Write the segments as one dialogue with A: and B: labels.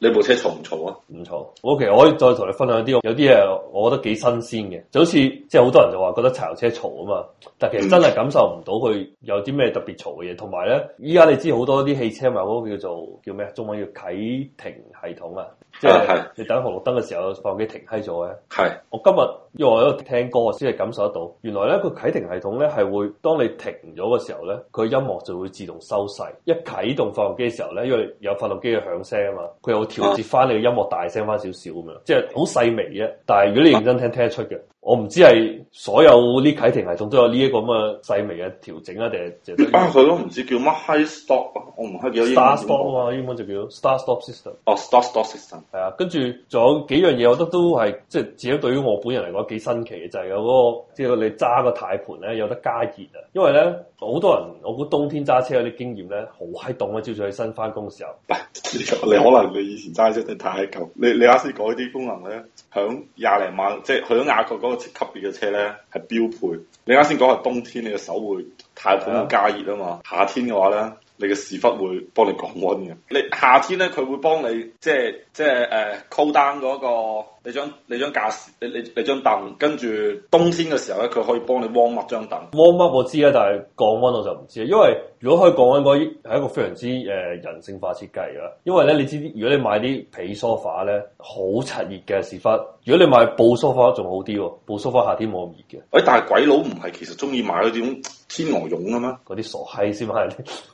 A: 你部車嘈唔嘈啊？唔
B: 嘈。我其實我可以再同你分享啲，有啲嘢我覺得幾新鮮嘅，就好似即係好多人就話覺得柴油車嘈啊嘛，但其實真係感受唔到佢有啲咩特別嘈嘅嘢。同埋咧，依家你知好多啲汽車咪有叫做叫咩？中文叫啟停系統啊。即係你等紅綠燈嘅時候，發動機停低咗嘅。係的我今日因為我喺度聽歌，我先係感受得到。原來咧個啟停系統咧係會當你停咗嘅時候咧，佢音樂就會自動收細。一啟動發動機嘅時候咧，因為有發動機嘅響聲啊嘛，佢又會調節翻你嘅音樂大聲翻少少咁樣。啊、即係好細微嘅，但係如果你認真聽，聽得出嘅。我唔知係所有啲啟停系統都有呢一個咁嘅細微嘅調整啊，定係啊佢都唔
A: 知叫乜 high stop 啊，我唔知叫
B: star stop 啊，英文就叫 star stop system。哦、oh，star stop system。係啊，跟住仲有幾樣嘢，就是那個就是，我覺得都係即係自己對於我本人嚟講幾新奇嘅，就係有嗰個即係你揸個軚盤咧有得加熱啊！因為咧好多人，我估冬天揸車嗰啲經驗咧好閪凍啊！朝早起身翻工嘅時候，
A: 你可能你以前揸車你太舊，你你啱先講啲功能咧，響廿零萬即係響亞國嗰個級別嘅車咧係標配。你啱先講話冬天你個手會軚盤加熱啊嘛，的夏天嘅話咧。你嘅屎忽會幫你降溫嘅。你夏天咧，佢會幫你即係即係誒 cool down 嗰個你張你張架你你你張凳。跟住冬天嘅時候咧，佢可以幫你 warm up 張凳。
B: warm up 我知咧，但係降溫我就唔知啊。因為如果可以降溫嗰啲係一個非常之誒、呃、人性化設計啊。因為咧，你知如果你買啲皮梳化 f 咧，好柒熱嘅屎忽。如果你買布梳化仲好啲，布梳化
A: 夏天冇咁熱嘅。誒、哎，但係鬼佬唔係其實中意買嗰種天鵝絨噶咩？嗰啲傻閪先買。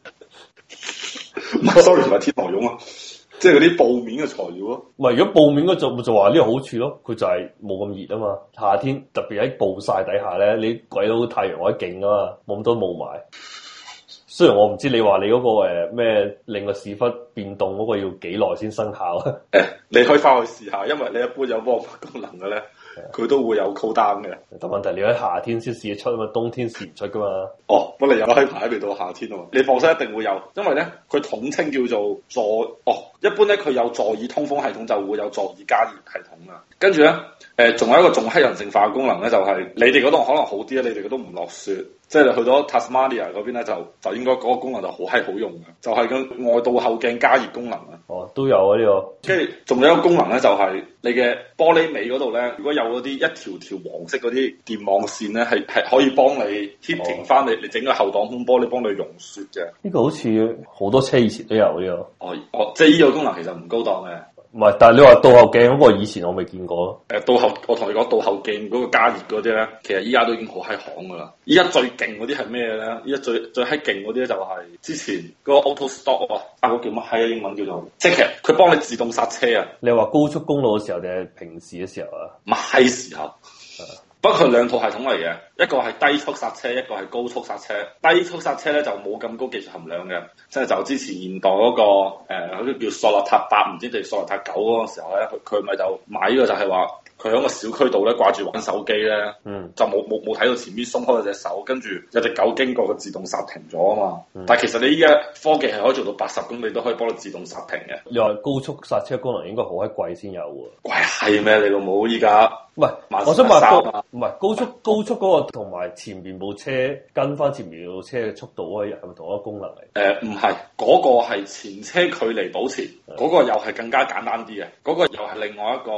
A: sorry，同埋天鵝絨啊，即係嗰啲布面嘅材料咯。
B: 唔係，如果布面嗰就就話呢個好處咯，佢就係冇咁熱啊嘛。夏天特別喺暴曬底下咧，你鬼佬太陽好勁啊嘛，冇咁多霧霾。雖然我唔知你話你嗰，那個誒咩、呃、令個屎忽變凍嗰個要幾耐先生效
A: 啊？你可以翻去試下，因為你一般有光功能嘅咧。佢都會有 cool down 嘅，但問題你喺夏天先試得出啊嘛，冬天試唔出噶嘛。哦，我嚟有黑牌未到夏天啊嘛，你放心一定會有，因為咧佢統稱叫做座哦，一般咧佢有座椅通風系統就會有座椅加熱系統啊。跟住咧，誒、呃、仲有一個仲嘿人性化功能咧，就係、是、你哋嗰度可能好啲啊，你哋都唔落雪，即係去咗 Tasmania 嗰邊咧就就應該嗰個功能就好嘿好用嘅，就係、是、個外倒後鏡加熱功能哦，
B: 都有啊呢、這個，
A: 即係仲有一個功能咧，就係、是、你嘅玻璃尾嗰度咧，如果有嗰啲一條條黃色嗰啲電網線咧，係係可以幫你貼停翻你，你整個後擋風玻璃幫你溶雪嘅。呢個
B: 好似好多車以前都有呢、啊這
A: 個。哦哦，即係呢個功能其實唔高檔嘅。唔係，但係你話倒後
B: 鏡，嗰個以前我未見過咯。
A: 誒，倒後我同你講，倒後鏡嗰個加熱嗰啲咧，其實依家都已經好閪行噶啦。依家最勁嗰啲係咩咧？依家最最閪勁嗰啲就係、是、之前嗰個 auto stop 啊，嗰個叫乜閪啊？英文叫做即係佢幫你自動剎車啊。
B: 你話高速公路嘅時候定係平時嘅時候啊？乜
A: 閪時候。
B: 不過係兩套系統嚟嘅，
A: 一個係低速剎車，一個係高速剎車。低速剎車咧就冇咁高技術含量嘅，即係就之前現代嗰、那個誒好似叫索納塔八唔知定索納塔九嗰個時候咧，佢咪就買呢個就係話佢喺個小區度咧掛住玩手機咧，嗯、就冇冇冇睇到前面鬆開隻手，跟住有隻狗經過，佢自動剎停咗啊嘛。嗯、但係其實你依家科技係可以做到八十公里都可以幫到自動剎停嘅。
B: 而高速剎車功能應該好閪貴先有喎，貴
A: 係咩？你老母依家。
B: 唔係，我想問個唔係高速高速嗰個同埋前面部車跟翻前面部車嘅速度嗰個係咪同
A: 一個功能嚟？誒唔係，嗰個係前車距離保持，嗰個又係更加簡單啲嘅，嗰個又係另外一個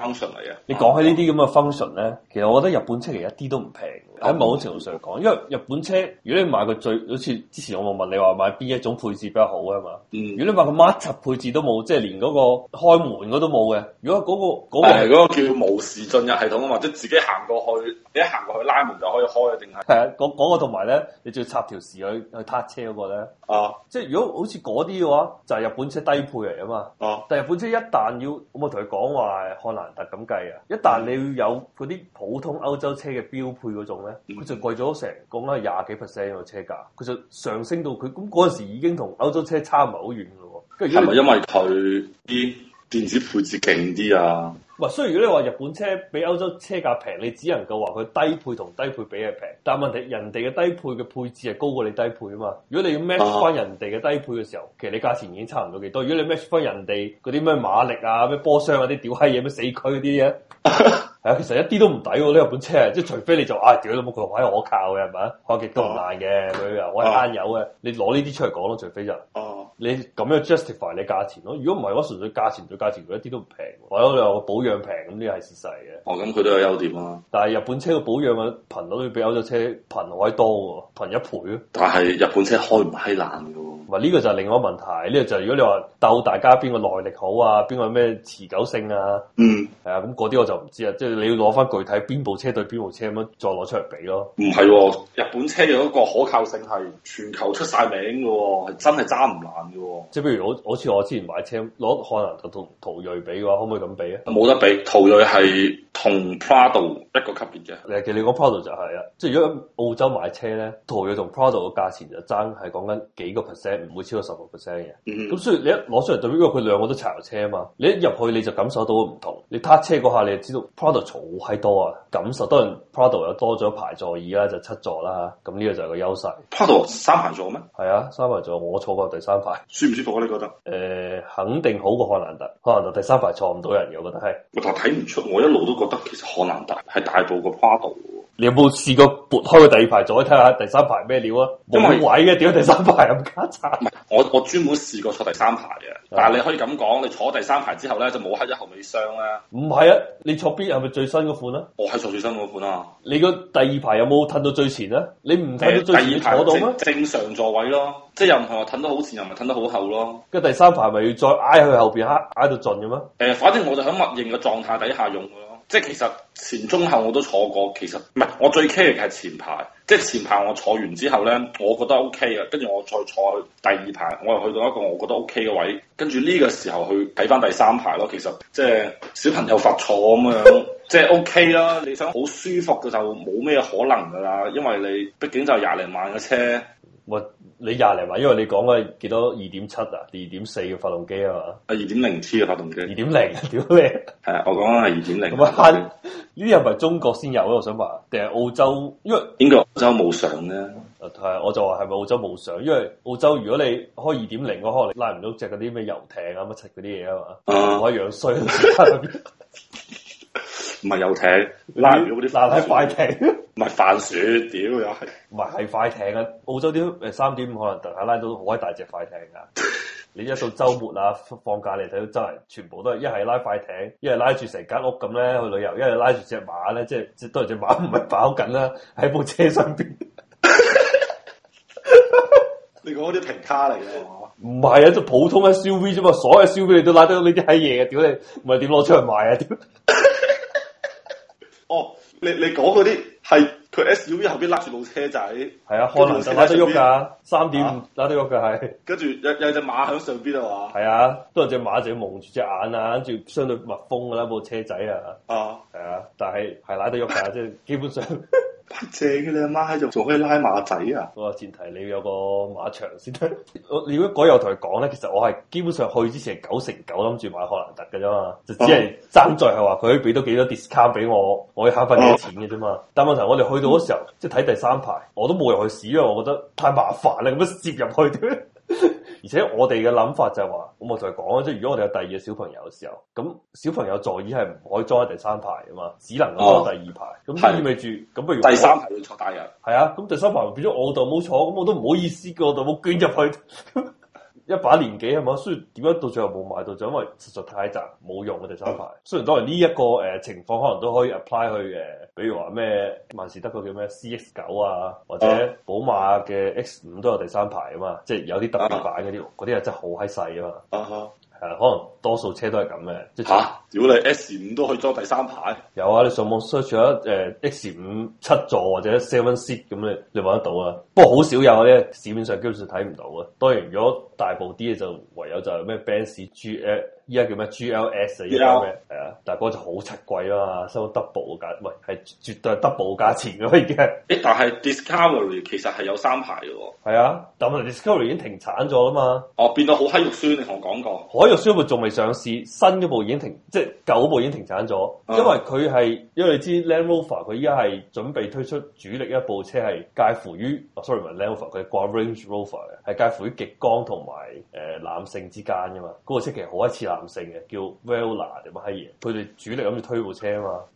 A: function 嚟嘅。你講
B: 起呢啲咁嘅 function 咧，其實我覺得日本車其一啲都唔平。喺、嗯、某種程度上講，因為日本車，如果你買個最好似之前我問你話買邊一種配置比較好啊嘛。嗯、如果你買個乜柒配置都冇，即係連嗰個開門嗰都冇嘅，如果嗰、嗰個嗰、嗰個嗰、哎、呀個叫
A: 無匙進入系統，或者自己行過去。你一行過去拉門就
B: 可以開啊，定係？係啊，嗰個同埋咧，你就要插條匙去去撻車嗰個咧？啊，即係如果好似嗰啲嘅話，就係、是、日本車低配嚟啊嘛。哦。但係日本車一旦要，咁我同佢講話漢蘭達咁計啊，一旦你要有嗰啲普通歐洲車嘅標配嗰種咧，佢就貴咗成講緊廿幾 percent 嘅車價，佢就上升到佢咁嗰陣時已經同歐洲車差唔係好遠嘅喎。係咪因為
A: 佢啲？電子配置勁啲啊！
B: 喂，係，雖然如果你話日本車比歐洲車價平，你只能夠話佢低配同低配比係平，但問題人哋嘅低配嘅配置係高過你低配啊嘛。如果你要 match 翻人哋嘅低配嘅時候，啊、其實你價錢已經差唔到幾多。如果你 match 翻人哋嗰啲咩馬力啊、咩波箱啊、啲屌閪嘢、咩四驅嗰啲嘢，係啊，其實一啲都唔抵喎！呢日本車即係除非你就啊，屌都冇佢，我係可靠嘅係咪啊？開極都唔爛嘅，佢又我係慳油嘅，你攞呢啲出嚟講咯，除非就、啊你咁樣 justify 你價錢咯，如果唔係嘅純粹價錢對價錢，佢一啲都唔平，或者你話保養平咁呢個係事實嘅。哦，咁、嗯、佢都有優點啊。但係日本車嘅保養嘅頻率比歐洲車頻好多嘅喎，頻，頻，頻一倍咯。
A: 但係日本車開唔閪爛嘅喎。
B: 嗱呢個就係另外一個問題，呢、呢個就係如果你話鬥大家邊個耐力好啊，邊個咩持久性啊，嗯，係啊，咁嗰啲我就唔知啊，即係你要攞翻具體邊部車對邊部車咁樣再攞出嚟比咯。唔係，喎，
A: 日本車有一個可靠性係全球出晒名嘅，喎，係真係揸唔爛嘅。
B: 即係譬如我，好似我之前買車攞漢蘭達同途銳比嘅話，可唔可以咁比咧？冇得比，
A: 途銳係，同 Prado 一個級別啫，
B: 其實你講 Prado 就係、是、啊，即係如果澳洲買車咧，途銳同 Prado 個價錢就爭係講緊幾個 percent，唔會超過十六 percent 嘅。咁所以你一攞出嚟對比，因為佢兩個都柴油車啊嘛，你一入去你就感受到唔同。你踏車嗰下你就知道 Prado 坐閪多啊，感受多人。Prado 又多咗排座椅啦，就七、是、座啦，咁呢個就係個優勢。Prado 三排座咩？係啊，三排座我坐過第三排，舒唔舒服啊？你覺得？誒、呃，肯定好過漢蘭達，漢蘭達第三排坐唔到人嘅，我覺得係。
A: 我睇唔出，我一路都。我覺得其實可能大，係大過個巴
B: 度嘅，你有冇試過撥開個第二排座位睇下第三排咩料啊？冇為位嘅，點解第三排咁
A: 夾層？唔係，我我專門試過坐第三排嘅，的但係你可以咁講，你坐第三排之後咧就冇黑咗後尾箱啦。唔係啊，你坐邊有咪最新嗰款啊？我係坐最新嗰款啊。
B: 你個第二排有冇褪到最前啊？你唔褪到最前、欸、二排度咩？
A: 正常座位咯，即係又唔係話褪得好前又咪係褪得好後咯。跟
B: 住第三排咪要再挨去後邊挨挨到盡嘅
A: 咩？誒，反正我就喺默認嘅狀態底下用咯。即係其實前中後我都坐過，其實唔係我最 care 係前排，即係前排我坐完之後咧，我覺得 OK 啊，跟住我再坐去第二排，我又去到一個我覺得 OK 嘅位，跟住呢個時候去睇翻第三排咯。其實即係小朋友罰坐咁樣，即係 OK 啦。你想好舒服嘅就冇咩可能噶啦，因為你畢竟就廿零萬嘅車。我你
B: 廿零萬，因為你講嘅幾多二點七啊，二點四嘅發動機啊嘛，啊二點零 T 嘅發動機，二點零，屌你！係我講係二點零。咁啊，呢啲又唔係中國先有咯，我想話定係澳洲，因
A: 為應該澳洲冇上
B: 咧。啊，我就話係咪澳洲冇上？因為澳洲如果你開二點零嘅，可能你拉唔到隻嗰啲咩游艇啊乜柒嗰啲嘢啊嘛，唔可以樣衰。
A: 唔係遊艇，要要拉住嗰
B: 啲，拉拉快
A: 艇，唔係帆船，屌又係，
B: 唔係係快艇啊！澳洲啲誒三點五可能突然間拉到好閪大隻快艇噶、啊， 你一到周末啊放假嚟睇到真係全部都係一係拉快艇，一係拉住成間屋咁咧去旅遊，一係拉住隻馬咧，即係即係當然隻馬唔係跑緊啦，喺部車身邊。
A: 你講啲平卡嚟
B: 嘅唔係啊，就普通嘅 SUV 啫嘛，所有 SUV 你都拉得到呢啲閪嘢嘅屌你，唔係點攞出去賣啊？屌！
A: 哦，你你講嗰啲係佢 SUV 後邊拉住部車仔，係啊，可能就拉得喐噶，
B: 三點五、啊、拉得喐噶係，
A: 跟住有有隻馬喺上邊啊嘛，
B: 係啊，都係隻馬仔要蒙住隻眼啊，跟住相對密封噶啦部車仔啊，啊，係啊，但係係拉得喐噶，即係 基
A: 本上。 借嘅你阿媽喺度做咩拉馬仔啊？我話
B: 前提你要有個
A: 馬場先得。
B: 我如果嗰日同佢講咧，其實我係基本上去之前九成九諗住買柯蘭特嘅啫嘛，哦、就只係爭在係話佢可以俾多幾多 discount 俾我，我要慳返幾多錢嘅啫嘛。哦、但係問題我哋去到嗰時候，嗯、即係睇第三排，我都冇入去試啊，因為我覺得太麻煩啦，咁樣攝入去。 而且我哋嘅諗法就係話，咁我就講啦，即係如果我哋有第二個小朋友嘅時候，咁小朋友座椅係唔可以裝喺第三排啊嘛，只能坐、哦、第二排，咁意味住咁不如第三排要坐大人，係啊，咁第三排變咗我度冇坐，咁我都唔好意思嘅，我度冇捐入去。 一把年紀係咪？所以點解到最後冇買到？就因為實在太窄，冇用嘅、啊、第三排。雖然當然呢、這、一個誒、呃、情況，可能都可以 apply 去誒、呃，比如話咩萬事得個叫咩 CX 九啊，或者、uh huh. 寶馬嘅 X 五都有第三排啊嘛。即係有啲特別版嗰啲，嗰啲係真係好閪細啊！嘛。Uh huh. 誒，可能多數車都係咁嘅。吓，
A: 如果、啊、你 S 五都可以裝第三排，
B: 有啊，你上網 search 咗誒，X 五七座或者 seven seat 咁你你揾得到啊。不過好少有咧，市面上基本上睇唔到啊。當然，如果大部啲就唯有就係咩 Benz GL。依家叫咩？GLS 啊，依家咩？係啊，但係嗰就好七貴啦嘛，收 double 嘅價，唔係，係絕對係 double
A: 價錢咁樣。誒，但係 Discovery 其實係有三排嘅
B: 喎、哦。係啊，但係 Discovery 已經停產咗啦嘛。
A: 哦，變到好海肉酸。你同我講過。
B: 海肉酸佢仲未上市，新嗰部已經停，即係舊部，部已經停產咗，因為佢係、uh. 因為你知 Land Rover 佢依家係準備推出主力一部車係介乎於、哦、，sorry，唔係 Land Rover，佢係掛 Range Rover 嘅，係介乎於極光同埋誒攬勝之間㗎嘛。嗰、那個車其實好一次啊！男性嘅叫 Vella 定乜閪嘢，佢哋主力諗住推部車啊嘛。